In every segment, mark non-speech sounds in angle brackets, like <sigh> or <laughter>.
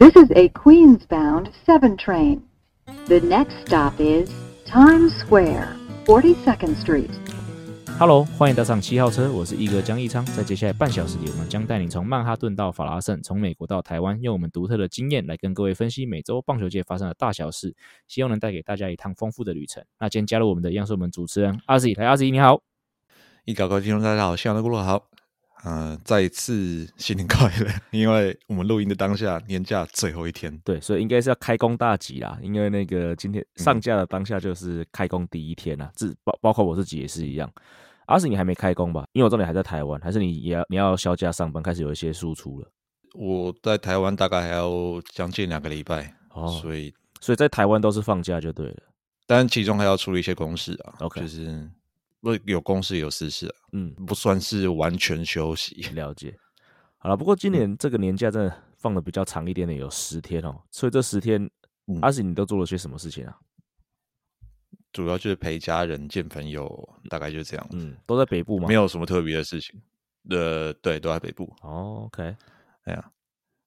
This is a Queens bound seven train. The next stop is Times Square, Forty Second Street. Hello, 歡迎搭上七號車，我是奕哥江奕昌，在接下來半小時裡，我們將帶你從曼哈頓到法拉盛，從美國到台灣，用我們獨特的經驗來跟各位分析美洲棒球界發生的大小事，希望能帶給大家一趟豐富的旅程。那今天加入我們的央視我們主持人阿 Z 來。阿 Z 你好，奕哥，聽眾、大家好，新浪的郭路好。嗯、呃，再一次新年快樂！因為我們錄音的當下，年假最後一天。對，所以應該是要開工大吉啦！因為那個今天上架的當下就是開工第一天啦，啊，自，嗯、包包括我自己也是一樣。而，啊，是你還沒開工吧？因為我這裡還在台灣，還是你也要你要銷假上班，開始有一些輸出了。我在台灣大概還要將近兩個禮拜，哦，所以所以在台灣都是放假就對了，但其中還要處理一些公事啊。OK，就是。不是有公事有私事，啊，嗯，不算是完全休息。嗯、了解。好啦，不過今年、嗯、這個年假真的放的比較長一點點，有十天哦、喔。所以這十天，嗯、阿信你都做了些什麼事情啊？主要就是陪家人、見朋友，大概就這樣。嗯，都在北部嗎？沒有什麼特別的事情。呃，對，都在北部。哦，OK。哎呀，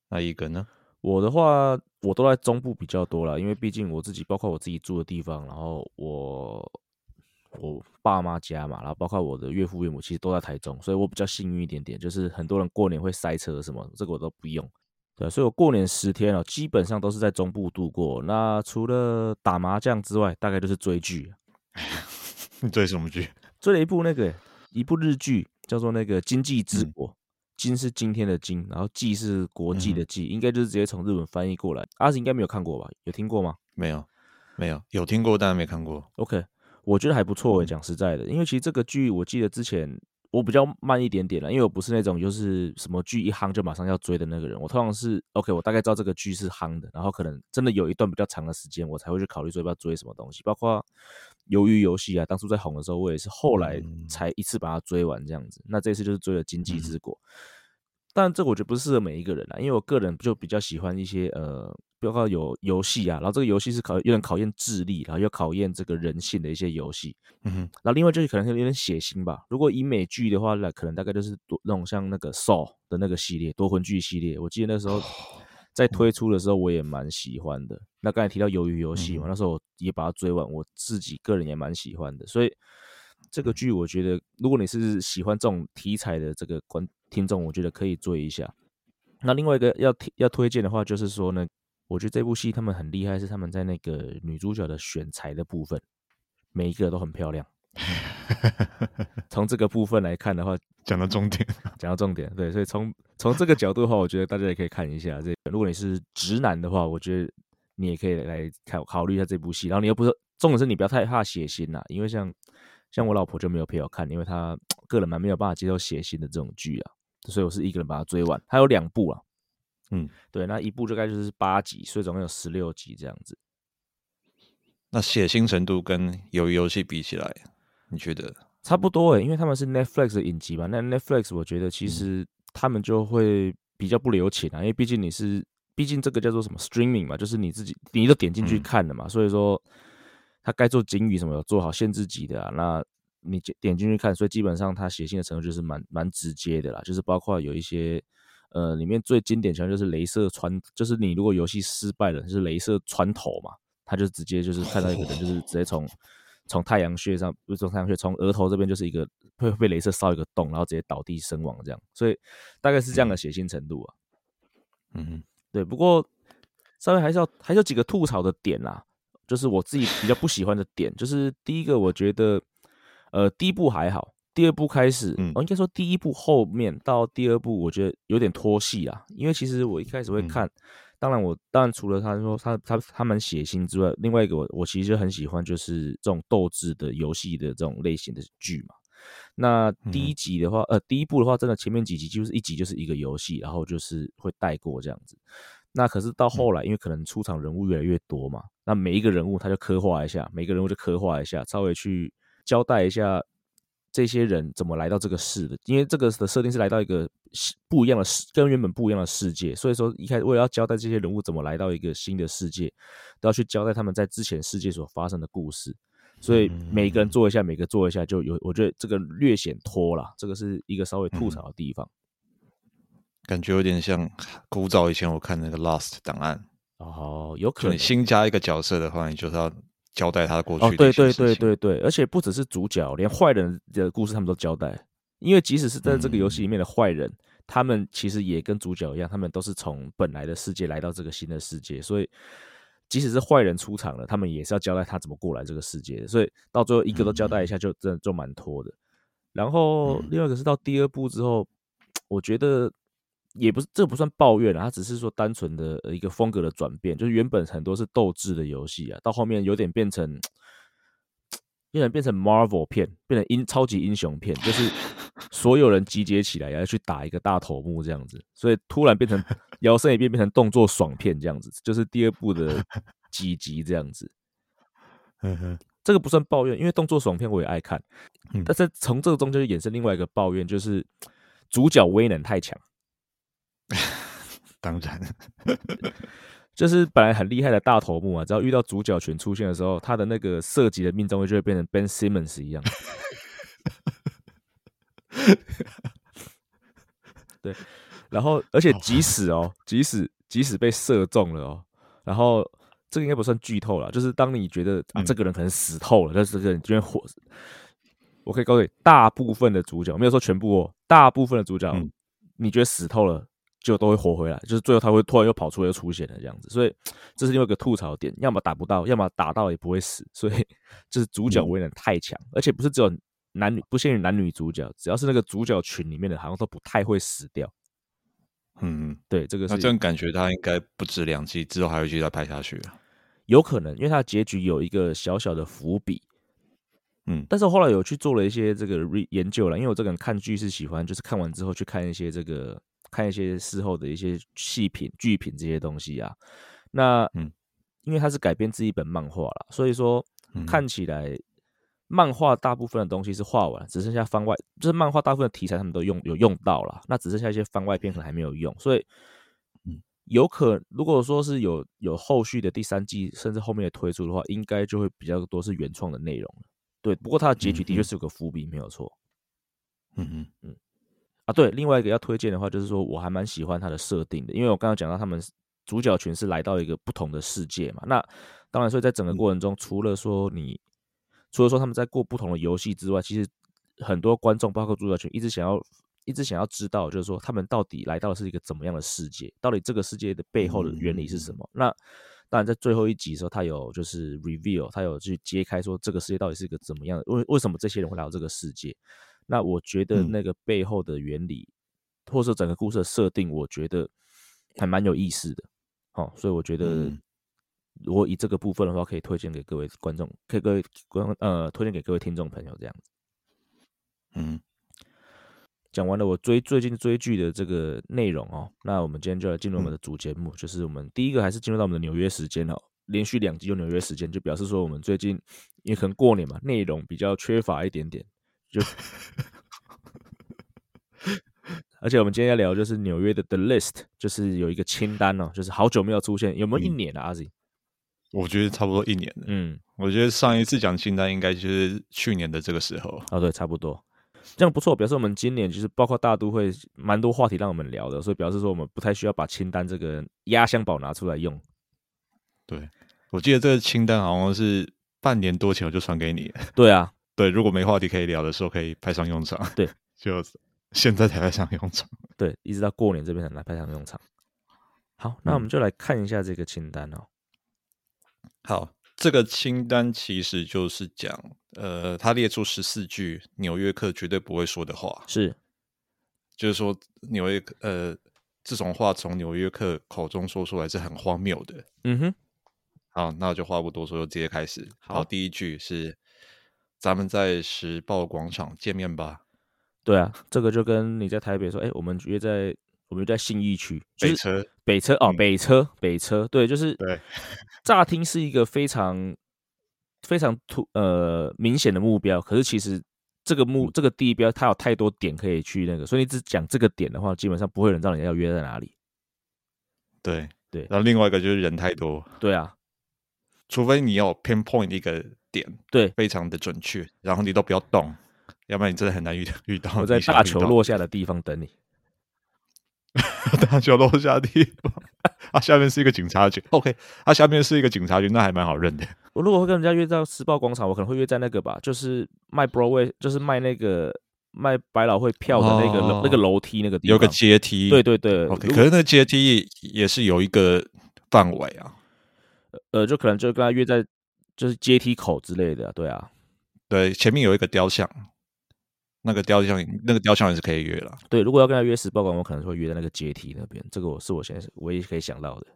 那一個呢？我的話，我都在中部比較多啦，因為畢竟我自己包括我自己住的地方，然後我。我爸媽家嘛，然後包括我的岳父岳母，其實都在台中，所以我比較幸運一點點。就是很多人過年會塞車什麼，這個我都不用。對，所以我過年十天哦，基本上都是在中部度過。那除了打麻將之外，大概就是追劇。 <laughs> 你追什麼劇？追了一部那個一部日劇，叫做那個《今際之國》，今、嗯、是今天的今，然後際是國際的際、嗯，應該就是直接從日本翻譯過來。阿、啊、子應該沒有看過吧？有聽過嗎？沒有，沒有，有聽過但沒看過。OK。我覺得還不錯，我、欸、講實在的，因為其實這個劇，我記得之前我比較慢一點點了，因為我不是那種就是什麼劇一夯就馬上要追的那個人，我通常是 OK，我大概知道這個劇是夯的，然後可能真的有一段比較長的時間，我才會去考慮說要不要追什麼東西，包括《魷魚遊戲》啊，當初在紅的時候，我也是後來才一次把它追完這樣子，嗯、那這次就是追了《今際之國》，嗯，但這我覺得不適合每一個人啦，因為我個人就比較喜歡一些呃。包括有遊戲啊，然後這個遊戲是考有點考驗智力，然後又考驗這個人性的一些遊戲。嗯哼，然後另外就是可能有點血腥吧。如果以美劇的話，那可能大概就是那種像那個《Saw》的那個系列，奪魂鋸系列。我記得那時候在推出的時候，我也蠻喜歡的。那剛才提到魷魚遊戲嘛，嘛、嗯，那時候我也把它追完，我自己個人也蠻喜歡的。所以這個劇，我覺得如果你是喜歡這種題材的這個觀聽眾，我覺得可以追一下。那另外一個要提要推薦的話，就是說呢。我覺得這部戲他們很厲害，是他們在那個女主角的選材的部分，每一個都很漂亮。 <laughs> 從這個部分來看的話，講到重點，講到重點，對，所以從從這個角度的話， <laughs> 我覺得大家也可以看一下，這個。這如果你是直男的話，我覺得你也可以來考考慮一下這部戲。然後你又不是，重點是你不要太怕血腥啦，啊，因為像像我老婆就沒有陪我看，因為她個人蠻沒有辦法接受血腥的這種劇啊，所以我是一個人把它追完。它有兩部啊。嗯，對，那一部就該就是八集，所以總共有十六集這樣子。那血腥程度跟魷魚遊戲比起來，你覺得差不多誒、欸，因為他們是 Netflix 的影集嘛，那 Netflix 我覺得其實他們就會比較不留情啊，嗯、因為畢竟你是，畢竟這個叫做什麼 streaming 嘛，就是你自己你都點進去看了嘛，嗯、所以說他該做警語什麼，做好限制級的啊。那你點進去看，所以基本上他血腥的程度就是蠻蠻直接的啦，就是包括有一些。呃，裡面最經典，好就是鐳射穿，就是你如果遊戲失敗了，就是鐳射穿透嘛，他就直接就是看到一個人，就是直接從從、哦哦、太陽穴上，不是從太陽穴，從額頭這邊就是一個會被鐳射燒一個洞，然後直接倒地身亡這樣，所以大概是這樣的血腥程度啊。嗯，對，不過稍微還是要還有幾個吐槽的點啦、啊，就是我自己比較不喜歡的點，就是第一個，我覺得呃，第一部還好。第二部開始，嗯，我應該說第一部後面到第二部，我覺得有點拖戲啊。因為其實我一開始會看，嗯、當然我當然除了他說他他他蠻血腥之外，另外一個我我其實就很喜歡就是這種鬥智的遊戲的這種類型的劇嘛。那第一集的話，嗯、呃，第一部的話，真的前面幾集就是一集就是一個遊戲，然後就是會帶過這樣子。那可是到後來，因為可能出場人物越來越多嘛，嗯、那每一個人物他就刻畫一下，每個人物就刻畫一下，稍微去交代一下。這些人怎麼來到這個世的？因為這個的設定是來到一個不一樣的世，跟原本不一樣的世界。所以說一開始為了要交代這些人物怎麼來到一個新的世界，都要去交代他們在之前世界所發生的故事。所以每個人做一下，嗯、每個做一下就有。我覺得這個略顯拖了，這個是一個稍微吐槽的地方。嗯、感覺有點像古早以前我看那個《Lost》檔案哦，有可能新加一個角色的話，你就是要。交代他的過去的、哦。對對對對對，而且不只是主角，連壞人的故事他們都交代。因為即使是在這個遊戲裡面的壞人、嗯，他們其實也跟主角一樣，他們都是從本來的世界來到這個新的世界，所以即使是壞人出場了，他們也是要交代他怎麼過來這個世界的。所以到最後一個都交代一下就、嗯，就真的就蠻拖的。然後另外一個是到第二部之後，我覺得。也不是，這個、不算抱怨了、啊，它只是說單純的一個風格的轉變，就是原本很多是鬥智的遊戲啊，到後面有點變成，有點變成，成 Marvel 片，變成英超級英雄片，就是所有人集結起來要去打一個大頭目這樣子，所以突然變成搖身一變變成動作爽片這樣子，就是第二部的幾集這樣子。 <laughs> 這個不算抱怨，因為動作爽片我也愛看，但是從這個中間就衍生另外一個抱怨，就是主角威能太強。 <laughs> 當然，就是本來很厲害的大頭目啊，只要遇到主角群出現的時候，他的那個射擊的命中率就會變成 Ben Simmons 一樣。 <laughs> 對，然後而且即使哦，啊、即使即使被射中了哦，然後這個應該不算劇透了，就是當你覺得、嗯、啊，這個人可能死透了，但、就是這個人居然活，我可以告訴你，大部分的主角沒有說全部哦，大部分的主角、嗯、你覺得死透了。就都會活回來，就是最後他會突然又跑出來又出現了這樣子，所以這是另外一個吐槽點，要麼打不到，要麼打到也不會死，所以就是主角未免太強、嗯，而且不是只有男女，不限於男女主角，只要是那個主角群裡面的，好像都不太會死掉。嗯，對，這個是那這種感覺，他應該不止兩季，之後還會繼續再拍下去、啊、有可能，因為他的結局有一個小小的伏筆。嗯，但是我後來有去做了一些這個研究了，因為我這個人看劇是喜歡，就是看完之後去看一些這個。看一些事後的一些細品、劇品這些東西啊。那嗯，因為它是改編自一本漫畫了，所以說、嗯、看起來漫畫大部分的東西是畫完，只剩下番外。就是漫畫大部分的題材他們都有用有用到了，那只剩下一些番外篇可能還沒有用。所以，有可能如果說是有有後續的第三季，甚至後面的推出的話，應該就會比較多是原創的內容。對，不過它的結局的確是有個伏筆、嗯，沒有錯。嗯嗯嗯。啊，對，另外一個要推薦的話，就是說我還蠻喜歡它的設定的，因為我剛剛講到他們主角群是來到一個不同的世界嘛，那當然，所以在整個過程中，除了說你、嗯，除了說他們在過不同的遊戲之外，其實很多觀眾，包括主角群，一直想要，一直想要知道，就是說他們到底來到的是一個怎麼樣的世界，到底這個世界的背後的原理是什麼？嗯、那當然，在最後一集的時候，他有就是 reveal，他有去揭開說這個世界到底是一個怎麼樣的，為為什麼這些人會來到這個世界？那我覺得那個背後的原理，嗯、或者整個故事的設定，我覺得還蠻有意思的。哦，所以我覺得如果以這個部分的話，可以推薦給各位觀眾，可以各位觀呃推薦給各位聽眾朋友這樣嗯，講完了我追最近追劇的這個內容哦，那我們今天就要進入我們的主節目、嗯，就是我們第一個還是進入到我們的紐約時間哦，連續兩集用紐約時間，就表示說我們最近也可能過年嘛，內容比較缺乏一點點。 <laughs> 而且我們今天要聊，就是紐約的 The List，就是有一個清單哦，就是好久沒有出現，有沒有一年的、啊嗯、阿 Z，我覺得差不多一年了嗯，我覺得上一次講清單應該就是去年的這個時候。啊、哦，對，差不多，這樣不錯。表示我們今年就是包括大都會蠻多話題讓我們聊的，所以表示說我們不太需要把清單這個壓箱寶拿出來用。對，我記得這個清單好像是半年多前我就傳給你。對啊。對，如果沒話題可以聊的時候，可以派上用場。對， <laughs> 就現在才派上用場。對，一直到過年這邊才來派上用場。好，那我們就來看一下這個清單哦。嗯、好，這個清單其實就是講，呃，他列出十四句《紐約客》絕對不會說的話。是，就是說，《紐約》呃，這種話從《紐約客》口中說出來是很荒謬的。嗯哼。好，那我就話不多說，就直接開始。好，第一句是。咱們在時報廣場見面吧。對啊，這個就跟你在台北說，哎，我們約在我們約在信義區、就是、北車北車哦，北車、哦嗯、北車北車，對，就是對。乍聽是一個非常非常突呃明顯的目標，可是其實這個目、嗯、這個地標它有太多點可以去那個，所以你只講這個點的話，基本上不會有人知道你要約在哪裡。對對，然後另外一個就是人太多，對啊，除非你要 pinpoint 一個。點對，非常的準確。然後你都不要動，要不然你真的很難遇遇到。我在大球落下的地方等你。 <laughs> 大球落下的地方， <laughs> 啊，下面是一個警察局。OK，它、啊、下面是一個警察局，那還蠻好認的。我如果會跟人家約在時報廣場，我可能會約在那個吧，就是賣 Broadway，就是賣那個賣百老匯票的那個、哦、那個樓梯那個地方，有個階梯。對對對。OK，可是那階梯也是有一個範圍啊。呃，就可能就跟他約在。就是階梯口之類的，啊，對啊，對，前面有一個雕像，那個雕像，那個雕像也是可以約了，啊。對，如果要跟他約時報館，我可能會約在那個階梯那邊。這個我是我現在唯一可以想到的。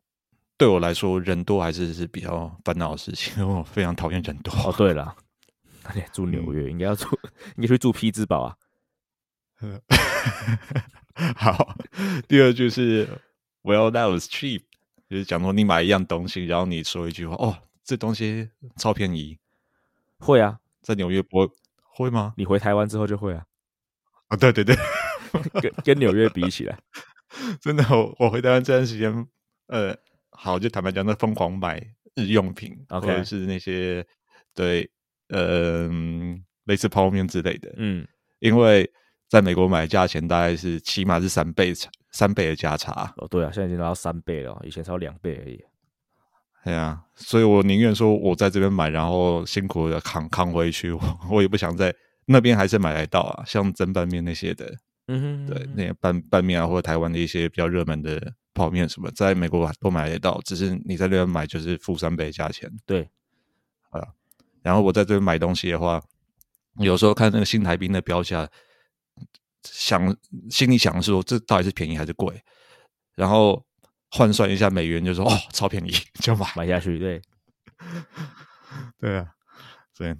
對我來說，人多還是是比較煩惱的事情，因為我非常討厭人多。對了，你住紐約應該要住、嗯，應該去住匹茲堡啊。 <laughs> 好。第二句是，Well that was cheap，就是講說你買一樣東西，然後你說一句話，哦。這東西超便宜，會啊，在紐約不會，會嗎？你回台灣之後就會啊，啊，對對對， <laughs> 跟跟紐約比起來， <laughs> 真的，我我回台灣這段時間，呃，好，就坦白講，那瘋狂買日用品，Okay. 或者是那些對，呃，類似泡麵之類的，嗯，因為在美國買的價錢大概是起碼是三倍三倍的價差。哦，對啊，現在已經拿到三倍了，以前超兩倍而已。哎呀、啊，所以我寧願說我在這邊買，然後辛苦的扛扛回去我，我也不想在那邊還是買得到啊。像蒸拌麵那些的，嗯哼嗯，對，那些拌拌麵啊，或者台灣的一些比較熱門的泡麵什麼，在美國都買得到，只是你在那邊買就是付三倍價錢。對，啊，然後我在這邊買東西的話，有時候看那個新台幣的標價，想心裡想說這到底是便宜還是貴，然後。換算一下美元，就說哦，超便宜，就買買下去。對， <laughs> 對啊，所以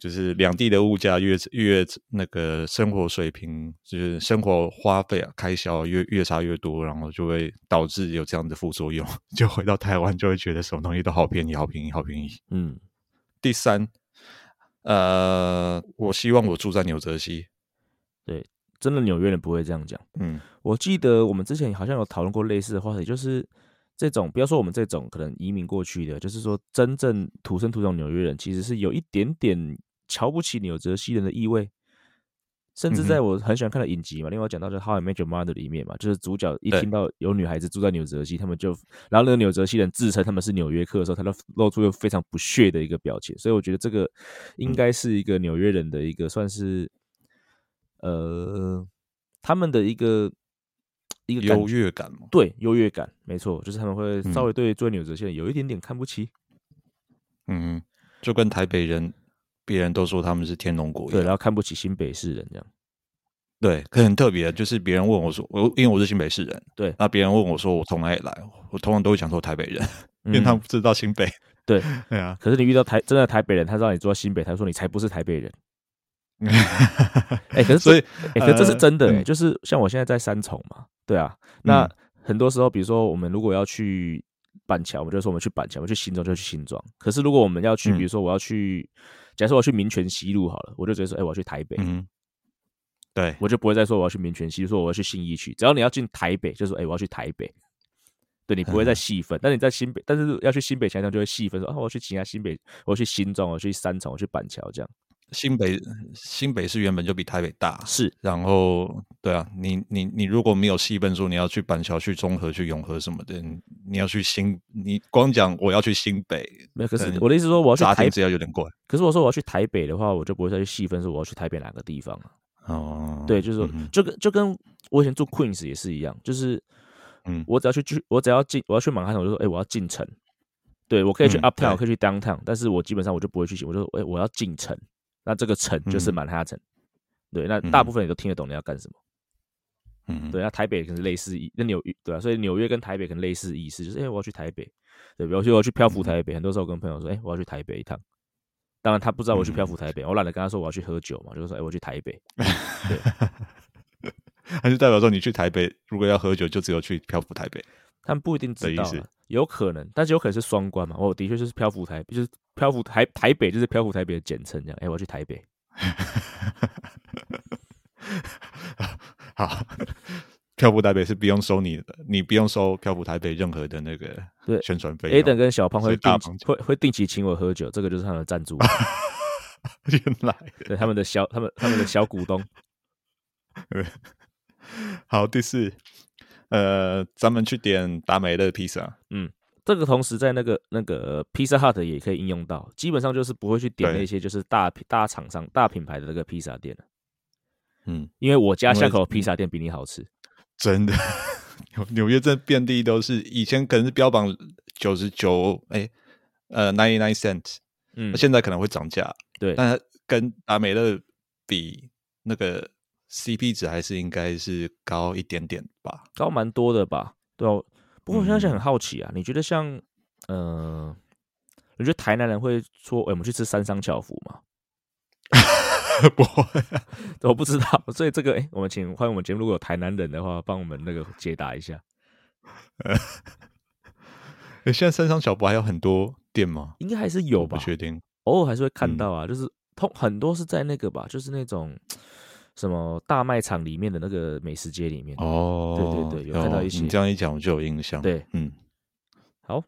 就是兩地的物價越越那個生活水平，就是生活花費啊開銷越越差越多，然後就會導致有這樣的副作用，就回到台灣，就會覺得什麼東西都好便宜，好便宜，好便宜。嗯。第三，呃，我希望我住在紐澤西。對。真的，紐約人不會這樣講。嗯，我記得我們之前好像有討論過類似的話題，就是這種，不要說我們這種可能移民過去的，就是說真正土生土長紐約人，其實是有一點點瞧不起紐澤西人的意味。甚至在我很喜歡看的影集嘛，另外講到就是《How I Met Your Mother》裡面嘛，就是主角一聽到有女孩子住在紐澤西，他們就，然後那個紐澤西人自稱他們是紐約客的時候，他都露出一個非常不屑的一個表情。所以我覺得這個應該是一個紐約人的一個算是。呃，他們的一個一個優越感嗎？對，優越感，沒錯，就是他們會稍微對紐澤西有一點點看不起，嗯，就跟台北人，別人都說他們是天龍國，對，然後看不起新北市人這樣，對，可是很特別，就是別人問我說，我因為我是新北市人，對，那別人問我說我從哪裡來我，我通常都會講說台北人，嗯、因為他們不知道新北，對，對啊，可是你遇到台真的台北人，他知道你住在新北，他說你才不是台北人。哎、 <laughs> 欸，可是所以，哎、呃欸，可是這是真的、欸，就是像我現在在三重嘛，對啊。那很多時候，比如說我們如果要去板橋，我們就說我們去板橋，我們去新莊就去新莊。可是如果我們要去，比如說我要去，嗯、假設我要去民權西路好了，我就直接說，哎、欸，我要去台北、嗯。對，我就不會再說我要去民權西路，說我要去信義區。只要你要進台北，就說，哎、欸，我要去台北。對你不會再細分、嗯，但你在新北，但是要去新北橋梁就會細分說，說啊，我要去其他新北，我要去新莊，我要去新我要去三重，我要去板橋這樣。新北新北市原本就比台北大是，然後對啊，你你你如果沒有細分說，你要去板橋、去中和、去永和什麼的，你，你要去新，你光講我要去新北，沒有，可是我的意思說我要去台北，只要有點怪。可是我說我要去台北的話，我就不會再去細分，說我要去台北哪個地方、啊、哦，對，就是說嗯嗯就，就跟就跟我以前住 Queens 也是一樣，就是嗯，我只要去去、嗯，我只要進，我要去馬漢我就說，哎，我要進城，對我可以去 uptown、嗯、我可，以去 downtown, 我可以去 downtown，但是我基本上我就不會去行，我就說，哎我要進城。那這個城就是曼哈頓。嗯，對，那大部分人都聽得懂你要幹什麼，嗯、對，那台北可能類似那紐對啊，所以紐約跟台北可能類似意思，就是哎，我要去台北，對，比如我要去漂浮台北。嗯，很多時候我跟朋友說，哎，我要去台北一趟，當然他不知道我去漂浮台北，嗯、我懶得跟他說我要去喝酒嘛，就是說，哎，我要去台北，對， <laughs> 他就代表說你去台北，如果要喝酒，就只有去漂浮台北。他們不一定知道、啊，有可能，但是有可能是雙關嘛？我、哦、的確就是漂浮台，就是漂浮台台北，就是漂浮台北的簡稱這樣。哎、欸，我要去台北， <laughs> 好，漂浮台北是不用收你，你不用收漂浮台北任何的那個宣，對，宣傳費。Aden 跟小胖會定會，會定期請我喝酒，這個就是他們的贊助。 <laughs> 原來對他們的小他們他們的小股東。 <laughs> 好，第四。呃，咱們去點達美樂披薩。嗯，這個同時在那個那個披薩、呃、Hut 也可以應用到，基本上就是不會去點那些就是大大廠商、大品牌的那個披薩店。嗯，因為我家巷口的披薩店比你好吃。嗯、真的，紐約這遍地都是，以前可能是標榜九十九，哎，呃，ninety nine cents，嗯，現在可能會漲價。對，但是跟達美樂比那個。CP 值還是應該是高一點點吧，高蠻多的吧，對哦。不過我現在，現在很好奇啊，嗯、你覺得像，嗯、呃，你覺得台南人會說“哎、欸，我們去吃三商巧福”嗎？ <laughs> 不會、啊，我不知道。所以這個，哎、欸，我們請，歡迎我們節目如果有台南人的話，幫我們那個解答一下。呃、嗯 <laughs> 欸，現在三商巧福還有很多店嗎？應該還是有吧，我不確定。偶爾還是會看到啊，就是通很多是在那個吧，就是那種。什麼大賣場裡面的那個美食街裡面哦，對對對，有看到一些。哦，你這樣一講，我就有印象。對，嗯，好。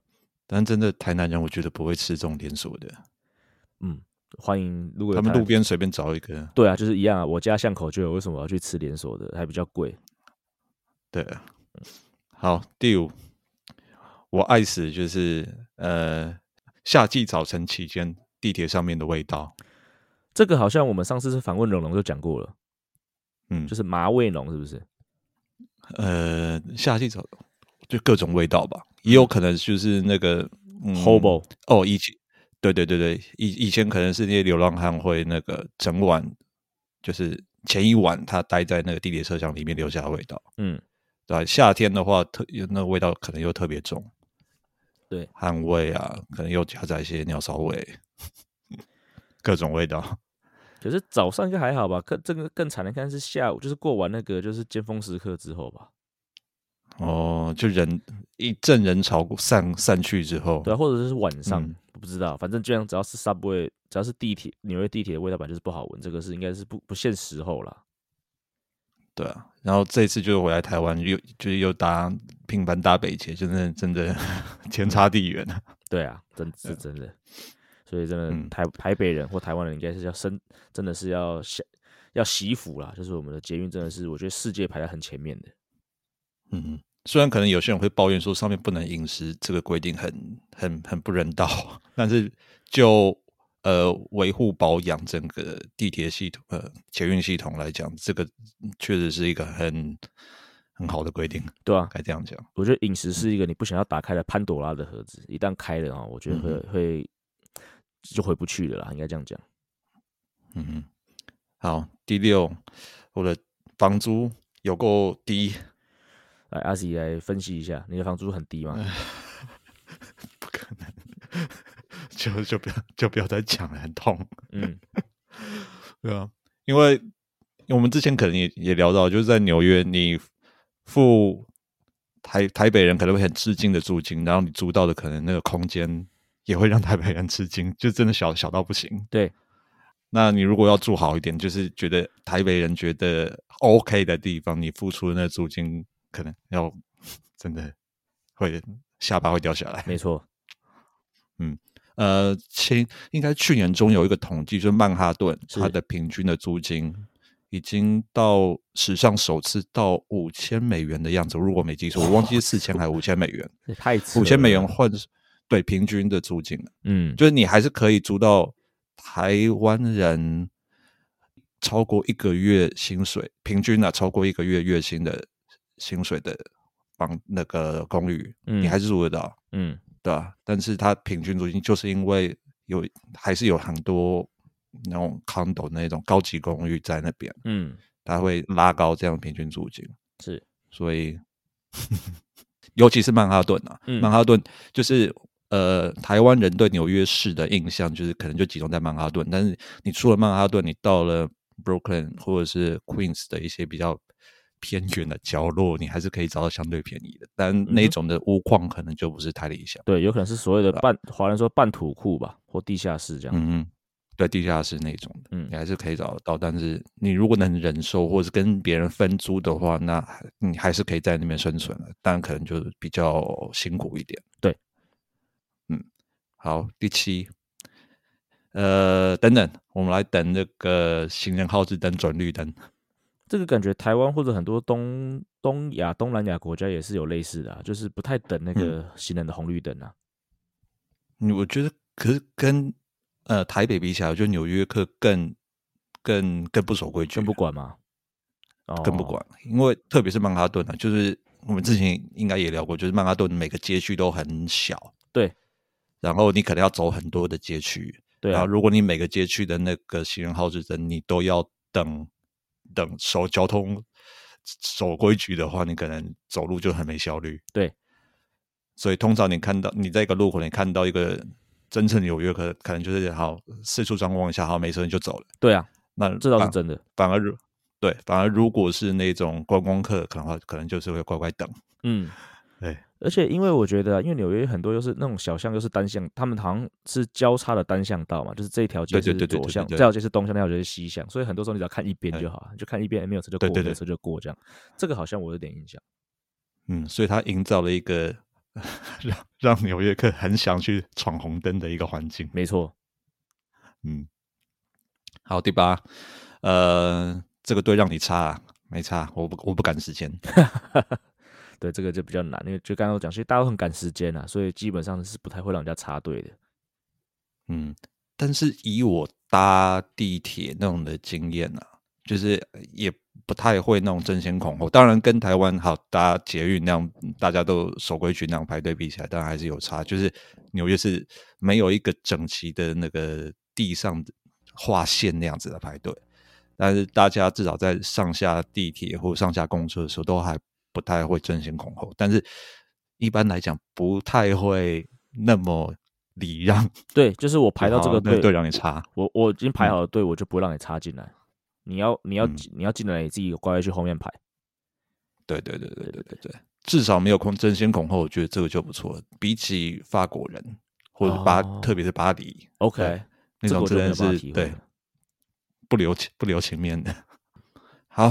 但真的，台南人我覺得不會吃這種連鎖的。嗯，歡迎。如果他們路邊隨便找一個，對啊，就是一樣啊。我家巷口就有，為什麼我要去吃連鎖的？還比較貴。對啊。好，第五，我愛死就是呃，夏季早晨期間地鐵上面的味道。這個好像我們上次是訪問龍龍就講過了。嗯，就是麻味濃是不是？呃，夏季走就各種味道吧，也有可能就是那個、嗯嗯、hobo 哦，以前對對對對，以以前可能是那些流浪漢會那個整晚，就是前一晚他待在那個地鐵車廂裡面留下味道，嗯，對，夏天的話，特那個味道可能又特別重，對，汗味啊，可能又夾雜一些尿騷味，各種味道。可、就是早上就還好吧，可這個更慘的，看是下午，就是過完那個就是尖峰時刻之後吧。哦，就人一陣人潮散散去之後，對啊，或者是晚上，嗯，不知道，反正這樣只要是 subway，只要是地鐵，紐約地鐵的味道吧，就是不好聞，這個是應該是不不限時候了。對啊，然後這次就是回來台灣，就又就是又搭頻繁搭北捷，真的真的天差地遠啊！對啊，真的、嗯、是真的。所以真的台台北人或台灣人應該是要生，真的是要要要惜福啦。就是我們的捷運真的是，我覺得世界排在很前面的。嗯，雖然可能有些人會抱怨說上面不能飲食這個規定很很很不人道，但是就呃維護保養整個地鐵系統呃捷運系統來講，這個確實是一個很很好的規定。對啊，該這樣講。我覺得飲食是一個你不想要打開的潘多拉的盒子，嗯、一旦開了啊，我覺得會會。嗯就回不去了啦，應該這樣講。嗯，好。第六，我的房租有夠低。來，阿喜來分析一下，你的房租很低嗎？呃、不可能，就就不要就不要再講了，很痛。嗯， <laughs> 對啊，因為我們之前可能也也聊到，就是在紐約，你付台台北人可能會很吃驚的租金，然後你租到的可能那個空間。也會讓台北人吃驚，就真的小小到不行。對，那你如果要住好一點，就是覺得台北人覺得 OK 的地方，你付出的那租金可能要真的會下巴會掉下來。沒錯，嗯，呃，前應該去年中有一個統計，就是曼哈頓它的平均的租金已經到史上首次到五千美元的樣子。如果沒記錯，我忘記是四千還是五千美元。太，五千美元換。對，平均的租金，嗯，就是你還是可以租到台灣人超過一個月薪水平均啊，超過一個月月薪的薪水的房，那個公寓，嗯、你還是租得到，嗯，對吧？但是它平均租金就是因為有還是有很多那種 condo 那種高級公寓在那邊，嗯，它會拉高這樣平均租金，是，所以 <laughs> 尤其是曼哈頓啊、嗯，曼哈頓就是。呃，台灣人對紐約市的印象就是可能就集中在曼哈頓，但是你出了曼哈頓，你到了 Brooklyn 或者是 Queens 的一些比較偏遠的角落，你還是可以找到相對便宜的，但那種的屋況可能就不是太理想，嗯。對，有可能是所謂的半，華人說半土庫吧，或地下室這樣。嗯嗯，對，地下室那種的，嗯，你還是可以找得到，嗯，但是你如果能忍受，或者是跟別人分租的話，那你還是可以在那邊生存的，嗯，但可能就比較辛苦一點。對。好，第七，呃，等等，我們來等那個行人號誌燈轉綠燈，這個感覺台灣或者很多東東亞東南亞國家也是有類似的、啊，就是不太等那個行人的紅綠燈啊。你、嗯、我覺得，可是跟呃台北比起來，就紐約客更更更不守規矩，更不管嗎？哦，更不管、哦，因為特別是曼哈頓啊，就是我們之前應該也聊過，就是曼哈頓每個街區都很小，對。然後你可能要走很多的街區，對啊。然後如果你每個街區的那個行人號志燈，你都要等，等守交通、守規矩的話，你可能走路就很沒效率。對，所以通常你看到你在一個路口，你看到一個真正紐約客可能就是好四處張望一下，好沒事，你就走了。對啊，那這倒是真的。反而，對，反而如果是那種觀光客，可能可能就是會乖乖等。嗯，對。而且，因為我覺得，因為紐約很多又是那種小巷，又是單向，他們好像是交叉的單向道嘛，就是這條街是左向，這條街是東向，那條街是西向，所以很多時候你只要看一邊就好，欸、就看一邊、欸、沒有車就過，沒有車就過這樣。這個好像我有點印象。嗯，所以他營造了一個讓讓紐約客很想去闖紅燈的一個環境。沒錯。嗯，好，第八，呃，這個隊讓你插，沒插，我不，我不趕時間。哈哈哈哈。對，這個就比較難，因為就剛剛講，所以大家都很趕時間了，啊，所以基本上是不太會讓人家插隊的。嗯，但是以我搭地鐵那種的經驗呢，啊，就是也不太會那種爭先恐後。當然，跟台灣好搭捷運那樣，大家都守規矩那樣排隊比起來，當然還是有差。就是紐約是沒有一個整齊的那個地上的劃線那樣子的排隊，但是大家至少在上下地鐵或上下公車的時候都還。不太會爭先恐後，但是一般來講不太會那麼禮讓。對，就是我排到這個隊，隊長，對對讓你插我，我，我已經排好了隊，我就不會讓你插進來。你要，你要，嗯、你要進來，你自己乖乖去後面排。對，對，對，對，對，對，對，至少沒有空爭先恐後，我覺得這個就不錯。比起法國人或者巴、哦，特別是巴黎，OK，這個、那種真的是對不留不留情面的。好，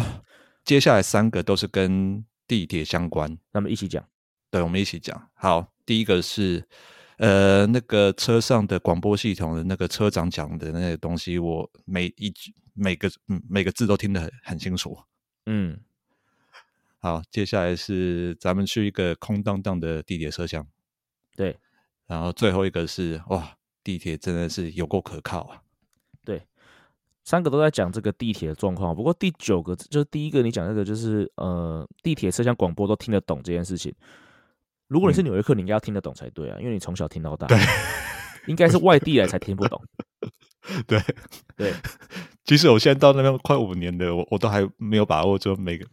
接下來三個都是跟。地鐵相關，咱們一起講。對，我們一起講。好，第一個是，呃，那個車上的廣播系統的那個車長講的那些東西，我每一句、每個嗯、每個字都聽得很很清楚。嗯，好，接下來是咱們去一個空蕩蕩的地鐵車廂。對，然後最後一個是，哇，地鐵真的是有夠可靠啊！三個都在講這個地鐵的狀況，不過第九個就是第一個，你講這個就是呃，地鐵車廂廣播都聽得懂這件事情。如果你是紐約客，嗯，你應該要聽得懂才對啊，因為你從小聽到大。應該是外地來才聽不懂。 <laughs> 對對，其實我現在到那邊快五年了，我我都還沒有把握說每個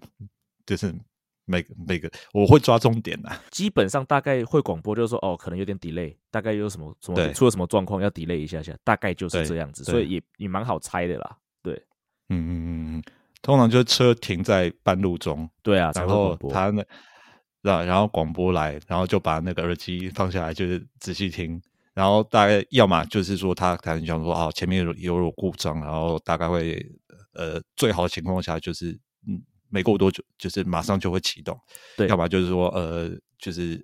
就是。每每個，每個我會抓重點的、啊，基本上大概會廣播，就是說哦，可能有點 delay，大概有什麼什麼出了什麼狀況要 delay 一下下，大概就是這樣子，所以也也蠻好猜的啦，對，嗯嗯嗯，通常就是車停在半路中，對啊，然後他呢，然後然後廣播來，然後就把那個耳機放下來，就是仔細聽，然後大概要麼就是說他可能想說哦，前面有有有故障，然後大概會呃，最好的情況下就是。沒過多久，就是馬上就會啟動，對，要不然就是說，呃，就是